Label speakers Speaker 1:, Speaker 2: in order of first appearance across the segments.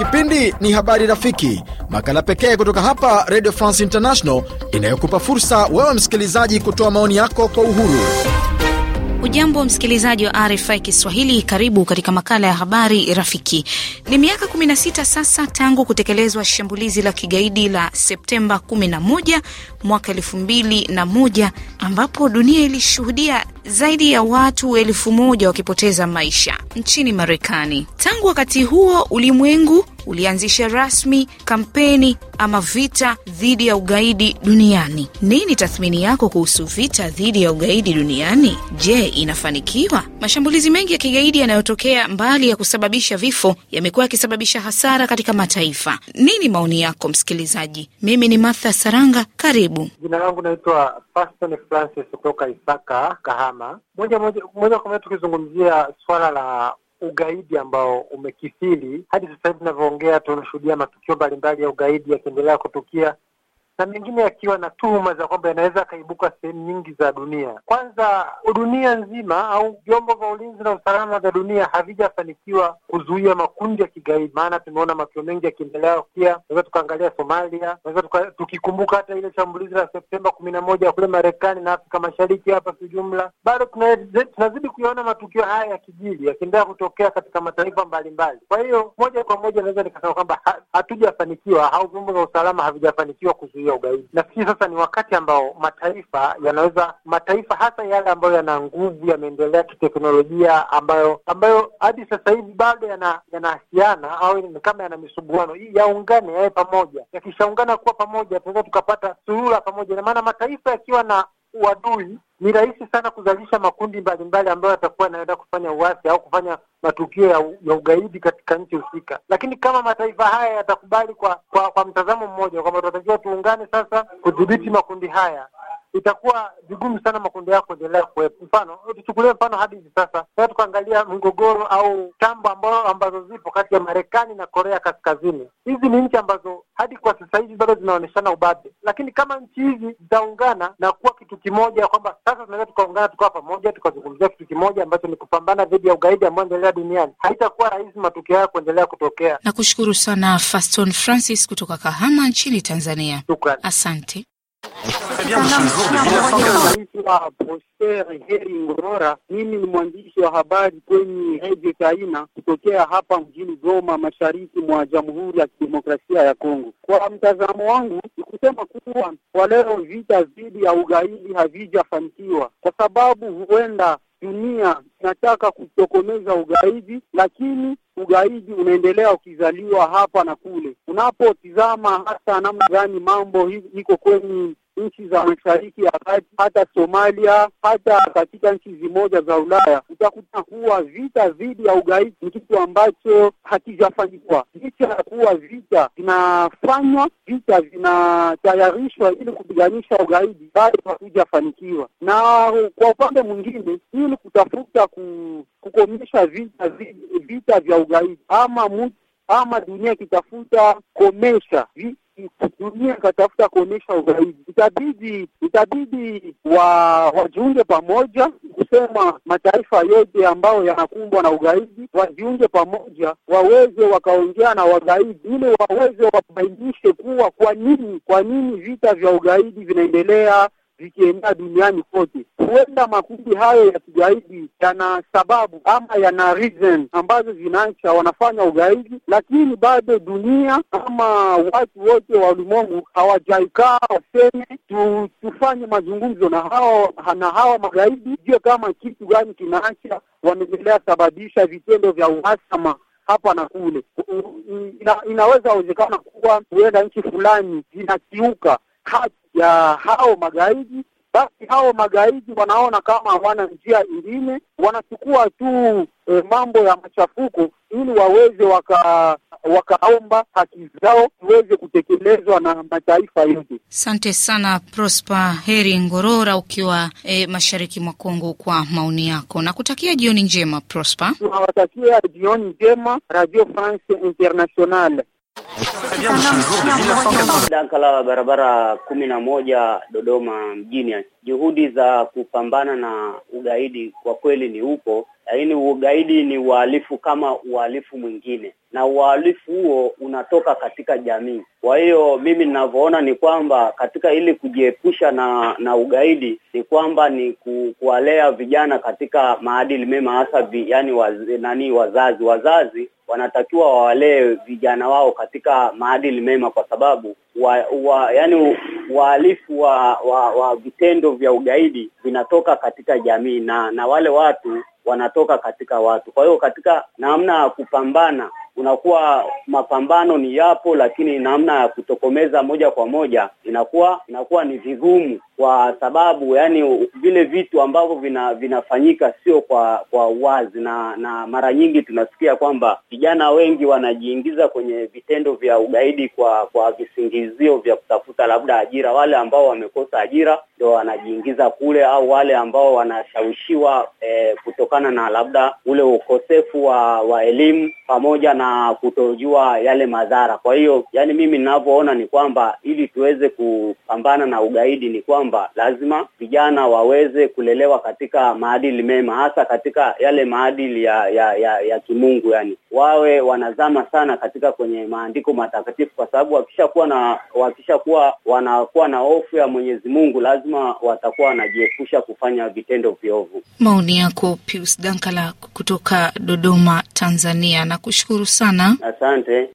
Speaker 1: Kipindi ni Habari Rafiki, makala pekee kutoka hapa Radio France International inayokupa fursa wewe msikilizaji kutoa maoni yako kwa uhuru.
Speaker 2: Ujambo msikilizaji wa RFI Kiswahili, karibu katika makala ya habari rafiki. Ni miaka 16 sasa tangu kutekelezwa shambulizi la kigaidi la Septemba 11 mwaka 21 ambapo dunia ilishuhudia zaidi ya watu elfu moja wakipoteza maisha nchini Marekani. Tangu wakati huo, ulimwengu ulianzisha rasmi kampeni ama vita dhidi ya ugaidi duniani. Nini tathmini yako kuhusu vita dhidi ya ugaidi duniani? Je, inafanikiwa? Mashambulizi mengi ya kigaidi yanayotokea, mbali ya kusababisha vifo, yamekuwa yakisababisha hasara katika mataifa. Nini maoni yako, msikilizaji? Mimi ni Martha Saranga, karibu.
Speaker 3: Jina langu naitwa Paston Francis kutoka Isaka, Kahama. Moja moja moja kwa moja tukizungumzia swala la ugaidi ambao umekithiri hadi sasa hivi tunavyoongea, tunashuhudia matukio mbalimbali ya ugaidi yakiendelea kutukia na mengine yakiwa na tuhuma za kwamba yanaweza yakaibuka sehemu nyingi za dunia. Kwanza, dunia nzima au vyombo vya ulinzi na usalama vya dunia havijafanikiwa kuzuia makundi ya kigaidi, maana tumeona matukio mengi yakiendelea pia. naweza tukaangalia Somalia, tunaweza tukikumbuka hata ile shambulizi la Septemba kumi na moja kule Marekani na Afrika Mashariki hapa kiujumla, bado tunazidi kuyaona matukio haya ya kijili yakiendelea kutokea katika mataifa mbalimbali. Kwa hiyo moja kwa moja naweza nikasema kwamba hatujafanikiwa au vyombo vya usalama havijafanikiwa kuzuia kuzuia ugaidi. Nafikiri sasa ni wakati ambao mataifa yanaweza, mataifa hasa yale ambayo yana nguvu, yameendelea kiteknolojia, ambayo ambayo hadi sasa hivi bado yanaasiana yana au ni kama yana misuguano hii, yaungane yawe pamoja. Yakishaungana kuwa pamoja, tunaweza tukapata suluhu pamoja, na maana mataifa yakiwa na uadui, ni rahisi sana kuzalisha makundi mbalimbali ambayo yatakuwa yanaenda kufanya uasi au kufanya matukio ya, ya ugaidi katika nchi husika. Lakini kama mataifa haya yatakubali kwa, kwa, kwa mtazamo mmoja kwamba tunatakiwa tuungane sasa kudhibiti makundi haya, itakuwa vigumu sana makundi yao kuendelea kuwepo. Mfano, tuchukulie mfano hadi hivi sasa, sasa tukaangalia mgogoro au tambo ambazo, ambazo zipo kati ya Marekani na Korea Kaskazini. Hizi ni nchi ambazo hadi kwa sasa hivi bado zinaonyeshana ubabe, lakini kama nchi hizi zitaungana na kuwa kitu kimoja, kwamba sasa tunaweza tukaungana tukawa pamoja tukazungumzia kitu kimoja ambacho ni kupambana dhidi ya ugaidi ambao endelea duniani, haitakuwa rahisi matukio hayo kuendelea kutokea.
Speaker 2: Nakushukuru sana Faston Francis kutoka Kahama nchini Tanzania. Shukrani, asante.
Speaker 3: Prosper Heri mimi ni mwandishi wa habari kwenye Radio chaina kutokea hapa mjini Goma, mashariki mwa Jamhuri ya Kidemokrasia ya Kongo. Kwa mtazamo wangu ni kusema kuwa kwa leo vita dhidi ya ugaidi havijafanikiwa kwa sababu huenda dunia inataka kutokomeza ugaidi, lakini ugaidi unaendelea ukizaliwa hapa na kule. Unapotizama hata namna gani mambo iko kwenye nchi za mashariki ya kati, hata Somalia, hata katika nchi zimoja za Ulaya, utakuta kuwa vita dhidi ya ugaidi ni kitu ambacho hakijafanikiwa, licha ya kuwa vita vinafanywa, vita vinatayarishwa ili kupiganisha ugaidi, bado hakijafanikiwa. Na kwa upande mwingine, ili kutafuta ku, kukomesha vita, vita vya ugaidi, ama mtu ama dunia ikitafuta komesha vita dunia ikatafuta kuonyesha ugaidi, itabidi itabidi wa wajiunge pamoja, kusema mataifa yote ambayo yanakumbwa na ugaidi wajiunge pamoja, waweze wakaongea na wagaidi ili waweze wabainishe kuwa kwa nini kwa nini vita vya ugaidi vinaendelea zikienea duniani kote. Huenda makundi hayo ya kigaidi yana sababu ama yana reason ambazo zinaacha wanafanya ugaidi, lakini bado dunia ama watu wote wa ulimwengu hawajaikaa waseme tu, tufanye mazungumzo na hawa na hawa magaidi, jue kama kitu gani kinaacha wanaendelea sababisha vitendo vya uhasama hapa na kule. Ina, inaweza wezekana kuwa huenda nchi fulani zinakiuka haki ya hao magaidi, basi hao magaidi wanaona kama hawana njia ingine, wanachukua tu e, mambo ya machafuko ili waweze waka wakaomba haki zao iweze kutekelezwa na mataifa yote.
Speaker 2: Asante sana Prosper Heri Ngorora ukiwa e, mashariki mwa Kongo kwa maoni yako, na kutakia jioni njema Prosper.
Speaker 3: Tunawatakia jioni njema Radio France Internationale.
Speaker 4: Danka la barabara kumi na moja Dodoma mjini. Juhudi za kupambana na ugaidi kwa kweli ni upo, lakini ugaidi ni uhalifu kama uhalifu mwingine, na uhalifu huo unatoka katika jamii. Kwa hiyo mimi ninavyoona ni kwamba katika ili kujiepusha na na ugaidi ni kwamba ni ku, kuwalea vijana katika maadili mema, hasa yani waz, nani wazazi wazazi wanatakiwa wawalee vijana wao katika maadili mema kwa sababu wa, wa, yani wahalifu wa, wa, wa vitendo vya ugaidi vinatoka katika jamii na na wale watu wanatoka katika watu. Kwa hiyo katika namna ya kupambana unakuwa mapambano ni yapo, lakini namna ya kutokomeza moja kwa moja inakuwa inakuwa ni vigumu kwa sababu yani vile vitu ambavyo vina, vinafanyika sio kwa kwa uwazi na na mara nyingi tunasikia kwamba vijana wengi wanajiingiza kwenye vitendo vya ugaidi kwa kwa visingizio vya kutafuta labda ajira. Wale ambao wamekosa ajira ndio wanajiingiza kule, au wale ambao wanashawishiwa eh, kutokana na labda ule ukosefu wa wa elimu pamoja na kutojua yale madhara. Kwa hiyo yani mimi ninavyoona ni kwamba ili tuweze kupambana na ugaidi ni kwamba kwamba lazima vijana waweze kulelewa katika maadili mema, hasa katika yale maadili ya ya, ya, ya kimungu, yani wawe wanazama sana katika kwenye maandiko matakatifu, kwa sababu wakishakuwa na wakishakuwa wanakuwa na hofu ya Mwenyezi Mungu, lazima watakuwa wanajiepusha kufanya vitendo viovu.
Speaker 2: Maoni yako Pius Dankala kutoka Dodoma, Tanzania, nakushukuru sana,
Speaker 4: asante.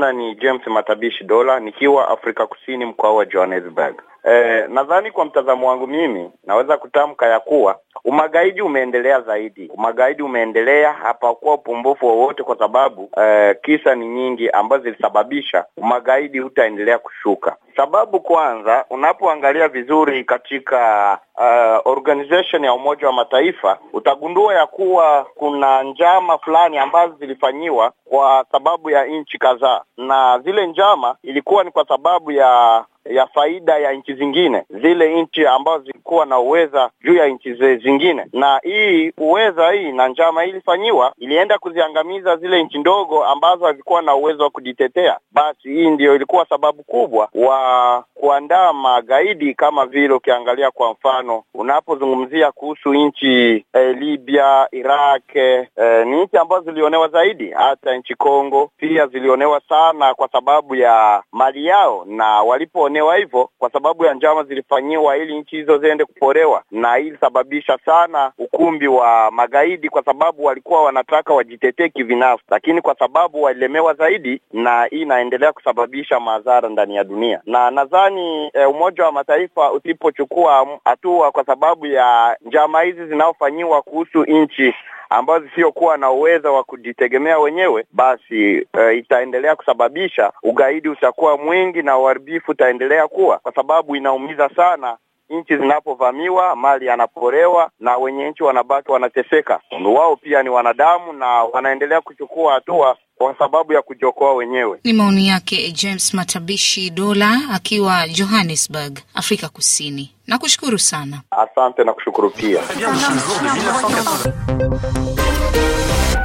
Speaker 1: Kwa ni James Matabishi Dola nikiwa Afrika Kusini, mkoa wa Johannesburg. Eh, nadhani kwa mtazamo wangu mimi naweza kutamka ya kuwa umagaidi umeendelea zaidi. Umagaidi umeendelea, hapakuwa upumbufu wowote kwa sababu eh, kisa ni nyingi ambazo zilisababisha umagaidi hutaendelea kushuka. Sababu kwanza, unapoangalia vizuri katika uh, organization ya Umoja wa Mataifa utagundua ya kuwa kuna njama fulani ambazo zilifanyiwa kwa sababu ya nchi kadhaa, na zile njama ilikuwa ni kwa sababu ya ya faida ya nchi zingine, zile nchi ambazo zilikuwa na uweza juu ya nchi zingine. Na hii uweza hii na njama hii ilifanyiwa, ilienda kuziangamiza zile nchi ndogo ambazo hazikuwa na uwezo wa kujitetea. Basi hii ndio ilikuwa sababu kubwa wa kuandaa magaidi kama vile ukiangalia kwa mfano unapozungumzia kuhusu nchi eh, Libya, Iraq eh, ni nchi ambazo zilionewa zaidi. Hata nchi Kongo pia zilionewa sana kwa sababu ya mali yao, na walipoonewa hivyo kwa sababu ya njama zilifanyiwa ili nchi hizo ziende kuporewa, na ilisababisha sana ukumbi wa magaidi, kwa sababu walikuwa wanataka wajitetee kivinafsi, lakini kwa sababu walilemewa zaidi, na hii inaendelea kusababisha madhara ndani ya dunia na na nadhani e, Umoja wa Mataifa usipochukua hatua kwa sababu ya njama hizi zinaofanyiwa kuhusu nchi ambazo zisiokuwa na uwezo wa kujitegemea wenyewe, basi e, itaendelea kusababisha ugaidi utakuwa mwingi na uharibifu utaendelea kuwa, kwa sababu inaumiza sana nchi zinapovamiwa, mali yanaporewa na wenye nchi wanabaki wanateseka. Wao pia ni wanadamu na wanaendelea kuchukua hatua kwa sababu ya kujiokoa wenyewe.
Speaker 2: Ni maoni yake James Matabishi Dola akiwa Johannesburg, Afrika Kusini. Nakushukuru sana,
Speaker 1: asante na kushukuru pia.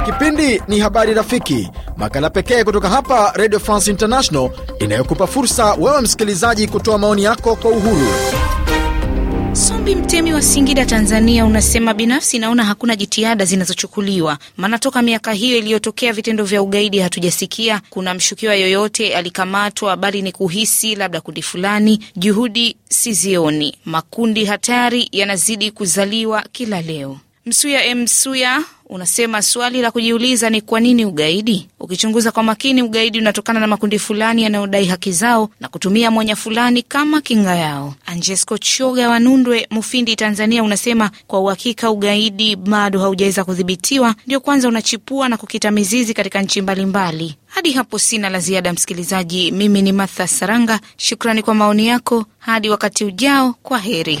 Speaker 1: Kipindi ni Habari Rafiki, makala pekee kutoka hapa Radio France International inayokupa fursa wewe msikilizaji kutoa maoni yako
Speaker 2: kwa uhuru. Hamdi Mtemi wa Singida, Tanzania, unasema binafsi naona hakuna jitihada zinazochukuliwa, maana toka miaka hiyo iliyotokea vitendo vya ugaidi hatujasikia kuna mshukiwa yoyote alikamatwa, bali ni kuhisi labda kundi fulani. Juhudi sizioni, makundi hatari yanazidi kuzaliwa kila leo. Msuya Msuya unasema swali la kujiuliza ni kwa nini ugaidi? Ukichunguza kwa makini, ugaidi unatokana na makundi fulani yanayodai haki zao na kutumia mwanya fulani kama kinga yao. Anjesco Choga wa Nundwe, Mufindi, Tanzania, unasema kwa uhakika ugaidi bado haujaweza kudhibitiwa, ndio kwanza unachipua na kukita mizizi katika nchi mbalimbali. Hadi hapo sina la ziada, msikilizaji. Mimi ni Martha Saranga, shukrani kwa maoni yako. Hadi wakati ujao, kwa heri.